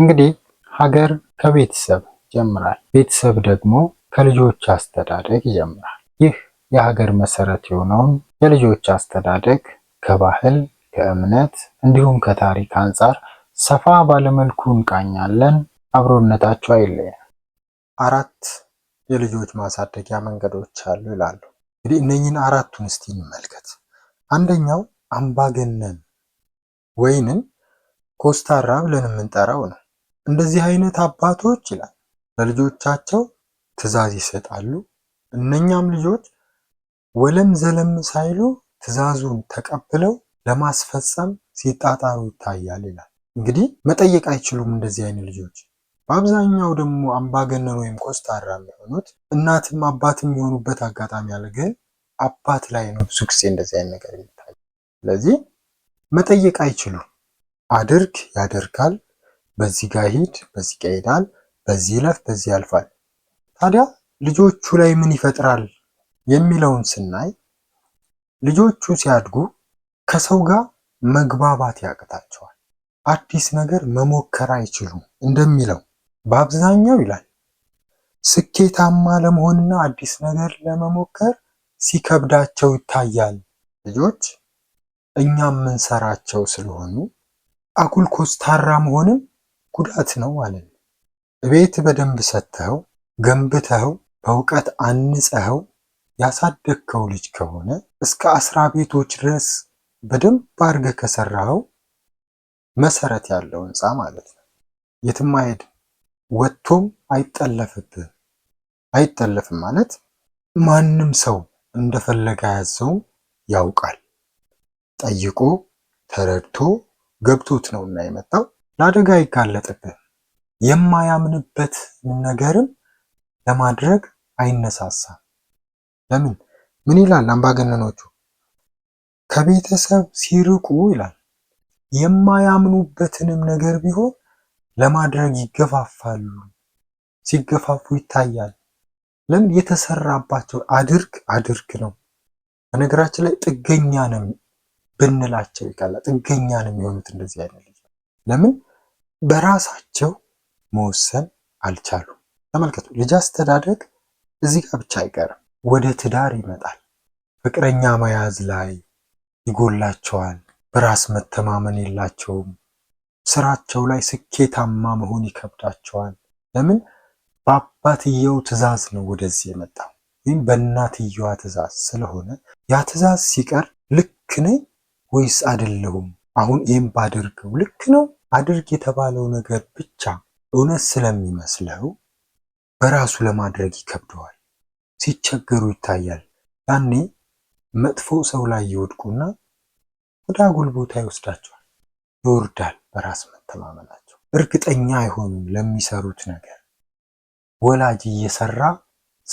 እንግዲህ ሀገር ከቤተሰብ ይጀምራል። ቤተሰብ ደግሞ ከልጆች አስተዳደግ ይጀምራል። ይህ የሀገር መሰረት የሆነውን የልጆች አስተዳደግ ከባህል ከእምነት እንዲሁም ከታሪክ አንጻር ሰፋ ባለመልኩ እንቃኛለን። አብሮነታቸው አይለያል። አራት የልጆች ማሳደጊያ መንገዶች አሉ ይላሉ። እንግዲህ እነኝን አራቱን እስቲ እንመልከት። አንደኛው አምባገነን ወይንም ኮስታራ ብለን የምንጠራው ነው። እንደዚህ አይነት አባቶች ይላል ለልጆቻቸው ትዛዝ ይሰጣሉ። እነኛም ልጆች ወለም ዘለም ሳይሉ ትዛዙን ተቀብለው ለማስፈጸም ሲጣጣሩ ይታያል ይላል። እንግዲህ መጠየቅ አይችሉም እንደዚህ አይነት ልጆች። በአብዛኛው ደግሞ አምባገነን ወይም ኮስታራ የሚሆኑት እናትም አባትም የሆኑበት አጋጣሚ አለ። ግን አባት ላይ ነው ብዙ ጊዜ እንደዚህ አይነት ነገር የሚታየው። ስለዚህ መጠየቅ አይችሉም። አድርግ ያደርጋል በዚህ ጋር ሂድ፣ በዚህ ጋር ይሄዳል፣ በዚህ ይለፍ፣ በዚህ ያልፋል። ታዲያ ልጆቹ ላይ ምን ይፈጥራል የሚለውን ስናይ ልጆቹ ሲያድጉ ከሰው ጋር መግባባት ያቅታቸዋል። አዲስ ነገር መሞከር አይችሉም። እንደሚለው በአብዛኛው ይላል ስኬታማ ለመሆንና አዲስ ነገር ለመሞከር ሲከብዳቸው ይታያል። ልጆች እኛ የምንሰራቸው ስለሆኑ አጉል ኮስታራ መሆንም ጉዳት ነው ማለት ነው። ቤት በደንብ ሰጥተኸው ገንብተኸው በእውቀት አንጸኸው ያሳደግከው ልጅ ከሆነ እስከ አስራ ቤቶች ድረስ በደንብ አድርገህ ከሰራኸው መሰረት ያለው ህንፃ ማለት ነው። የትም አይሄድ ወጥቶም አይጠለፍብህ። አይጠለፍም ማለት ማንም ሰው እንደፈለገ ያዘው ያውቃል ጠይቆ ተረድቶ ገብቶት ነው እና የመጣው ለአደጋ ይጋለጥብህ። የማያምንበት ነገርም ለማድረግ አይነሳሳም። ለምን? ምን ይላል አምባገነኖቹ? ከቤተሰብ ሲርቁ ይላል የማያምኑበትንም ነገር ቢሆን ለማድረግ ይገፋፋሉ። ሲገፋፉ ይታያል። ለምን? የተሰራባቸው አድርግ አድርግ ነው። በነገራችን ላይ ጥገኛ ነው ብንላቸው ይቃላል። ጥገኛ ነው የሚሆኑት እንደዚህ አይነት ለምን በራሳቸው መወሰን አልቻሉም። ተመልከቱ፣ ልጅ አስተዳደግ እዚህ ጋር ብቻ አይቀርም፣ ወደ ትዳር ይመጣል። ፍቅረኛ መያዝ ላይ ይጎላቸዋል። በራስ መተማመን የላቸውም። ስራቸው ላይ ስኬታማ መሆን ይከብዳቸዋል። ለምን? በአባትየው ትዕዛዝ ነው ወደዚህ የመጣው ወይም በእናትየዋ ትዕዛዝ ስለሆነ ያ ትዕዛዝ ሲቀር ልክ ነኝ ወይስ አይደለሁም? አሁን ይህም ባደርገው ልክ ነው አድርግ የተባለው ነገር ብቻ እውነት ስለሚመስለው በራሱ ለማድረግ ይከብደዋል። ሲቸገሩ ይታያል። ያኔ መጥፎ ሰው ላይ ይወድቁና ወደ አጉል ቦታ ይወስዳቸዋል። ይወርዳል በራስ መተማመናቸው። እርግጠኛ አይሆኑም ለሚሰሩት ነገር ወላጅ እየሰራ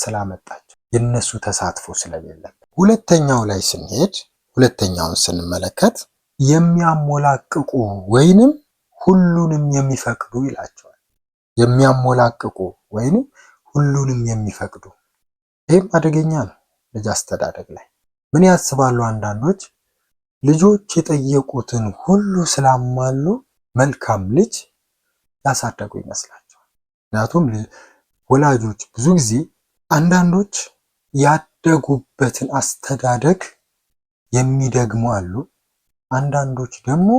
ስላመጣቸው የነሱ ተሳትፎ ስለሌለበት። ሁለተኛው ላይ ስንሄድ ሁለተኛውን ስንመለከት የሚያሞላቅቁ ወይንም ሁሉንም የሚፈቅዱ ይላቸዋል። የሚያሞላቅቁ ወይም ሁሉንም የሚፈቅዱ ይህም አደገኛ ነው። ልጅ አስተዳደግ ላይ ምን ያስባሉ አንዳንዶች ልጆች የጠየቁትን ሁሉ ስላማሉ መልካም ልጅ ያሳደጉ ይመስላቸዋል። ምክንያቱም ወላጆች ብዙ ጊዜ አንዳንዶች ያደጉበትን አስተዳደግ የሚደግሙ አሉ። አንዳንዶች ደግሞ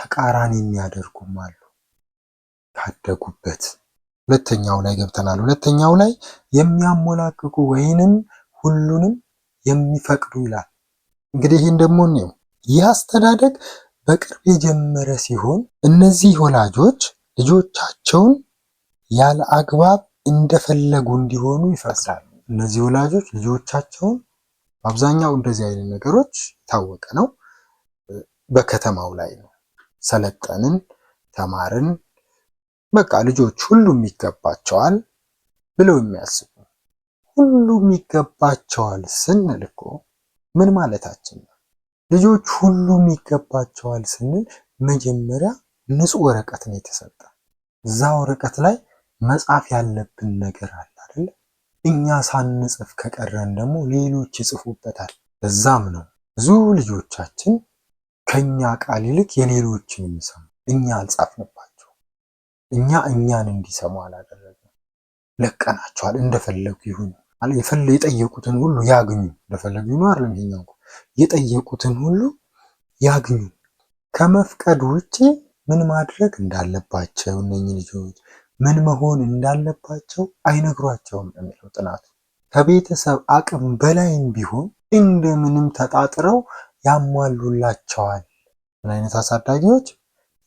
ተቃራኒ የሚያደርጉም አሉ። ካደጉበት ሁለተኛው ላይ ገብተናል። ሁለተኛው ላይ የሚያሞላቅቁ ወይንም ሁሉንም የሚፈቅዱ ይላል። እንግዲህ ይህን ደግሞ እኔው ይህ አስተዳደግ በቅርብ የጀመረ ሲሆን እነዚህ ወላጆች ልጆቻቸውን ያለ አግባብ እንደፈለጉ እንዲሆኑ ይፈቅዳሉ። እነዚህ ወላጆች ልጆቻቸውን በአብዛኛው እንደዚህ አይነት ነገሮች የታወቀ ነው፣ በከተማው ላይ ነው። ሰለጠንን፣ ተማርን፣ በቃ ልጆች ሁሉም ይገባቸዋል ብለው የሚያስቡ ሁሉም ይገባቸዋል ስንል እኮ ምን ማለታችን ነው? ልጆች ሁሉም ይገባቸዋል ስንል መጀመሪያ ንጹህ ወረቀት ነው የተሰጠ። እዛ ወረቀት ላይ መጻፍ ያለብን ነገር አለ አይደል? እኛ ሳንጽፍ ከቀረን ደግሞ ሌሎች ይጽፉበታል። እዛም ነው ብዙ ልጆቻችን ከእኛ ቃል ይልቅ የሌሎችን የሚሰሙ እኛ አልጻፍንባቸው፣ እኛ እኛን እንዲሰሙ አላደረግም። ለቀናቸዋል። እንደፈለጉ ይሁኑ፣ የጠየቁትን ሁሉ ያግኙ። እንደፈለጉ ይሁኑ አይደለም ይሄኛው የጠየቁትን ሁሉ ያግኙ። ከመፍቀድ ውጭ ምን ማድረግ እንዳለባቸው እነኚህ ልጆች ምን መሆን እንዳለባቸው አይነግሯቸውም የሚለው ጥናቱ ከቤተሰብ አቅም በላይም ቢሆን እንደምንም ተጣጥረው ያሟሉላቸዋል። ምን አይነት አሳዳጊዎች?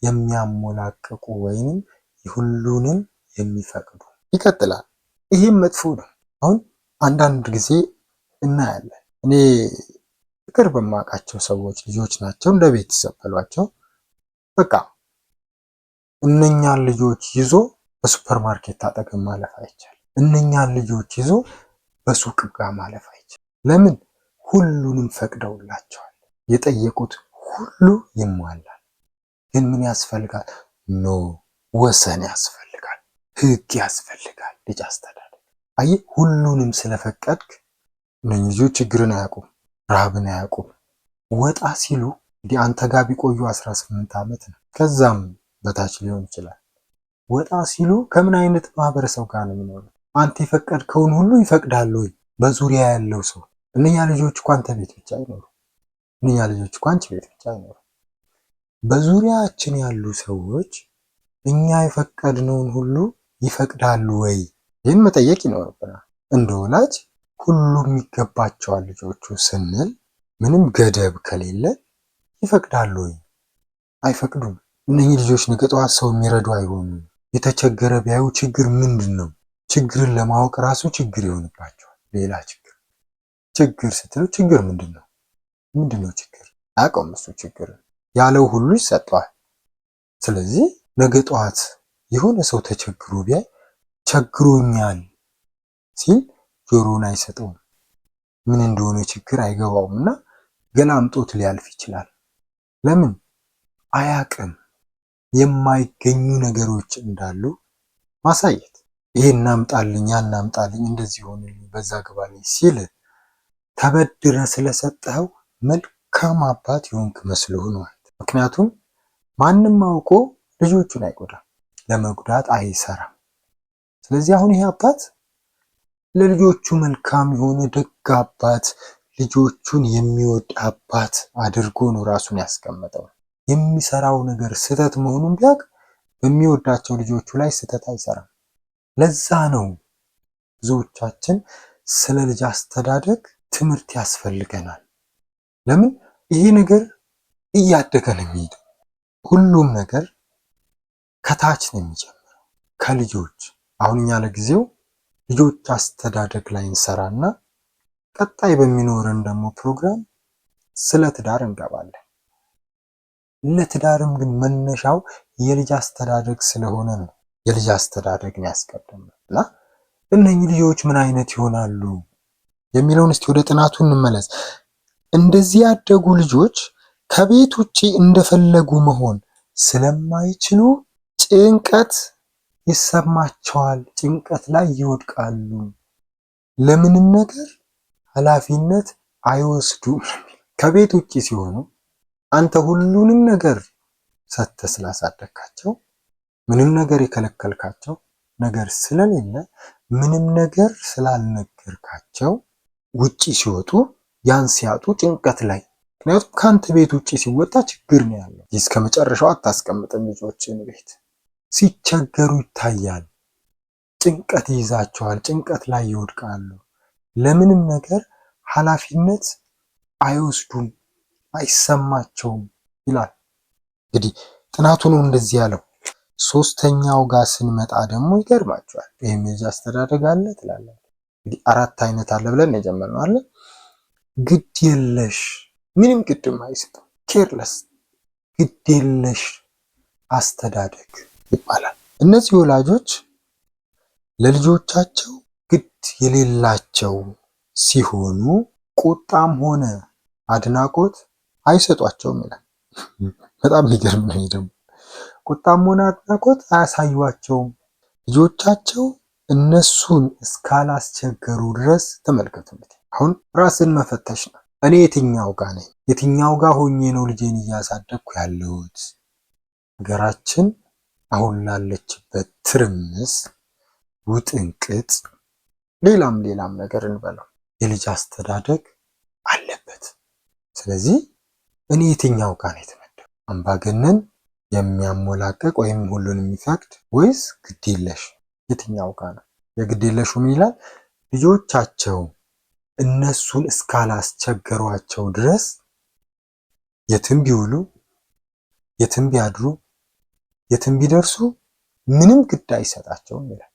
የሚያሞላቅቁ ወይንም ሁሉንም የሚፈቅዱ። ይቀጥላል። ይህም መጥፎ ነው። አሁን አንዳንድ ጊዜ እናያለን። እኔ ፍቅር በማውቃቸው ሰዎች ልጆች ናቸው እንደ ቤተሰብ በሏቸው። በቃ እነኛን ልጆች ይዞ በሱፐር ማርኬት አጠገብ ማለፍ አይቻልም። እነኛን ልጆች ይዞ በሱቅ ጋር ማለፍ አይቻልም። ለምን? ሁሉንም ፈቅደውላቸዋል። የጠየቁት ሁሉ ይሟላል። ግን ምን ያስፈልጋል? ኖ ወሰን ያስፈልጋል፣ ህግ ያስፈልጋል። ልጅ አስተዳደግ አየህ፣ ሁሉንም ስለፈቀድክ እነኝህ ልጆች ችግርን አያውቁም፣ ረሃብን አያውቁም። ወጣ ሲሉ እንግዲህ አንተ ጋር ቢቆዩ 18 ዓመት ነው፣ ከዛም በታች ሊሆን ይችላል። ወጣ ሲሉ ከምን አይነት ማህበረሰብ ጋር ነው የሚኖሩት? አንተ የፈቀድከውን ሁሉ ይፈቅዳል ወይ? በዙሪያ ያለው ሰው እነኛ ልጆች እኮ አንተ ቤት ብቻ አይኖሩ እኛ ልጆች እኮ አንቺ ቤት ብቻ አይኖርም። በዙሪያችን ያሉ ሰዎች እኛ የፈቀድነውን ሁሉ ይፈቅዳሉ ወይ? ይህን መጠየቅ ይኖርብናል። እንደ ወላጅ ሁሉም ይገባቸዋል ልጆቹ ስንል ምንም ገደብ ከሌለ ይፈቅዳሉ ወይ? አይፈቅዱም። እነኚህ ልጆች ነገ ጠዋት ሰው የሚረዱ አይሆኑም። የተቸገረ ቢያዩ ችግር ምንድን ነው? ችግርን ለማወቅ ራሱ ችግር ይሆንባቸዋል። ሌላ ችግር ችግር ስትሉ ችግር ምንድን ነው? ምንድነው ችግር? አያውቀውም እሱ ችግር ያለው ሁሉ ይሰጠዋል። ስለዚህ ነገ ጠዋት የሆነ ሰው ተቸግሮ ቢያይ ቸግሮኛል ሲል ጆሮውን አይሰጠውም። ምን እንደሆነ ችግር አይገባውም እና ገላምጦት ሊያልፍ ይችላል። ለምን አያቅም። የማይገኙ ነገሮች እንዳሉ ማሳየት ይሄ እናምጣልኝ ያናምጣልኝ እንደዚህ ሆነ በዛ ግባልኝ ሲል ተበድረ ስለሰጠኸው መልካም አባት የሆንክ መስሎ ሆኗል። ምክንያቱም ማንም አውቆ ልጆቹን አይጎዳም፣ ለመጉዳት አይሰራም። ስለዚህ አሁን ይሄ አባት ለልጆቹ መልካም የሆነ ደግ አባት፣ ልጆቹን የሚወድ አባት አድርጎ ነው ራሱን ያስቀመጠው። የሚሰራው ነገር ስህተት መሆኑን ቢያቅ በሚወዳቸው ልጆቹ ላይ ስህተት አይሰራም። ለዛ ነው ብዙዎቻችን ስለ ልጅ አስተዳደግ ትምህርት ያስፈልገናል። ለምን ይሄ ነገር እያደገ ነው የሚሄደው። ሁሉም ነገር ከታች ነው የሚጀምረው፣ ከልጆች። አሁን እኛ ለጊዜው ልጆች አስተዳደግ ላይ እንሰራና ቀጣይ በሚኖረን ደግሞ ፕሮግራም ስለ ትዳር እንገባለን። ለትዳርም ግን መነሻው የልጅ አስተዳደግ ስለሆነ ነው የልጅ አስተዳደግን ያስቀድማል እና እነኚህ ልጆች ምን አይነት ይሆናሉ የሚለውን እስቲ ወደ ጥናቱ እንመለስ። እንደዚህ ያደጉ ልጆች ከቤት ውጪ እንደፈለጉ መሆን ስለማይችሉ ጭንቀት ይሰማቸዋል። ጭንቀት ላይ ይወድቃሉ። ለምንም ነገር ኃላፊነት አይወስዱም። ከቤት ውጪ ሲሆኑ አንተ ሁሉንም ነገር ሰጥተህ ስላሳደግካቸው ምንም ነገር የከለከልካቸው ነገር ስለሌለ ምንም ነገር ስላልነገርካቸው ውጪ ሲወጡ ያን ሲያጡ ጭንቀት ላይ ምክንያቱም ከአንተ ቤት ውጭ ሲወጣ ችግር ነው ያለው። እስከ መጨረሻው አታስቀምጥም ልጆችን ቤት ሲቸገሩ ይታያል። ጭንቀት ይይዛቸዋል። ጭንቀት ላይ ይወድቃሉ። ለምንም ነገር ኃላፊነት አይወስዱም፣ አይሰማቸውም ይላል። እንግዲህ ጥናቱ ነው እንደዚህ ያለው። ሶስተኛው ጋር ስንመጣ ደግሞ ይገርማቸዋል። ይህም የልጅ አስተዳደግ አለ ትላለ። እንግዲህ አራት አይነት አለ ብለን የጀመርነው አለን ግድ የለሽ ምንም ግድም አይሰጥም። ኬርለስ ግድ የለሽ አስተዳደግ ይባላል። እነዚህ ወላጆች ለልጆቻቸው ግድ የሌላቸው ሲሆኑ ቁጣም ሆነ አድናቆት አይሰጧቸውም ይላል። በጣም የሚገርም ነው ደግሞ ቁጣም ሆነ አድናቆት አያሳዩቸውም። ልጆቻቸው እነሱን እስካላስቸገሩ ድረስ ተመልከቱ እንግዲህ አሁን ራስን መፈተሽ ነው። እኔ የትኛው ጋ ነኝ? የትኛው ጋ ሆኜ ነው ልጄን እያሳደግኩ ያለሁት? ሀገራችን አሁን ላለችበት ትርምስ፣ ውጥንቅጥ፣ ሌላም ሌላም ነገር እንበለው የልጅ አስተዳደግ አለበት። ስለዚህ እኔ የትኛው ጋ ነው የተመደብ? አምባገነን የሚያሞላቀቅ ወይም ሁሉን የሚፈቅድ ወይስ ግዴለሽ? የትኛው ጋ ነው? የግዴለሹ ምን ይላል? ልጆቻቸው እነሱን እስካላስቸገሯቸው ድረስ የትም ቢውሉ የትም ቢያድሩ የትም ቢደርሱ ምንም ግድ አይሰጣቸውም ይላል።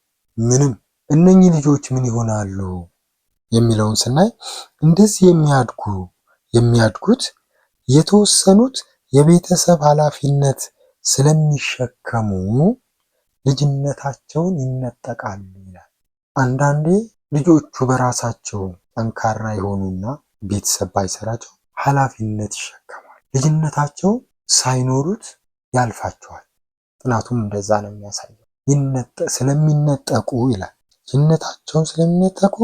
ምንም እነኚህ ልጆች ምን ይሆናሉ የሚለውን ስናይ እንደዚህ የሚያድጉ የሚያድጉት የተወሰኑት የቤተሰብ ኃላፊነት ስለሚሸከሙ ልጅነታቸውን ይነጠቃሉ ይላል። አንዳንዴ ልጆቹ በራሳቸው ጠንካራ የሆኑና ቤተሰብ ባይሰራቸው ኃላፊነት ይሸከማል። ልጅነታቸው ሳይኖሩት ያልፋቸዋል። ጥናቱም እንደዛ ነው የሚያሳየው። ስለሚነጠቁ ይላል ልጅነታቸውን ስለሚነጠቁ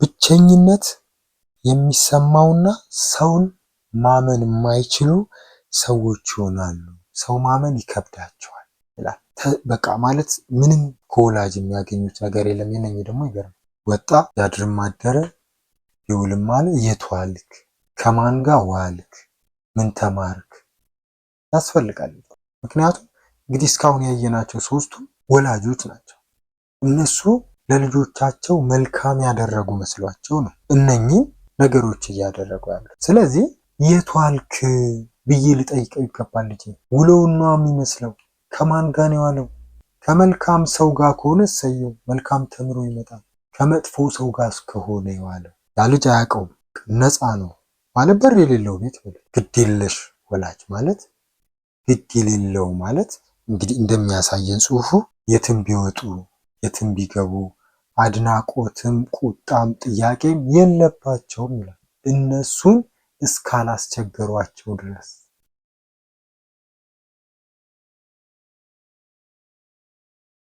ብቸኝነት የሚሰማውና ሰውን ማመን የማይችሉ ሰዎች ይሆናሉ። ሰው ማመን ይከብዳቸዋል ይላል። በቃ ማለት ምንም ከወላጅ የሚያገኙት ነገር የለም። የነኝ ደግሞ ይገርም ወጣ ያድርም አደረ ይውልም አለ የቱ ከማንጋ ከማን ጋር ዋልክ? ምን ተማርክ? ያስፈልጋል። ምክንያቱም እንግዲህ እስካሁን ያየናቸው ሶስቱም ወላጆች ናቸው። እነሱ ለልጆቻቸው መልካም ያደረጉ መስሏቸው ነው እነኚህም ነገሮች እያደረጉ ያሉ። ስለዚህ የቷልክ ብዬ ልጠይቀው ይገባል። ልጅ ውሎውን የሚመስለው። ከማን ጋር ነው የዋለው? ከመልካም ሰው ጋር ከሆነ ሰየው መልካም ተምሮ ይመጣል። ከመጥፎ ሰው ጋር እስከሆነ የዋለው ያ ልጅ አያውቀውም፣ ነፃ ነው ማለት በር የሌለው ቤት ግድ የለሽ ወላጅ ማለት ግድ የሌለው ማለት እንግዲህ እንደሚያሳየን ጽሁፉ የትም ቢወጡ የትም ቢገቡ አድናቆትም ቁጣም ጥያቄም የለባቸውም ይላል እነሱን እስካላስቸገሯቸው ድረስ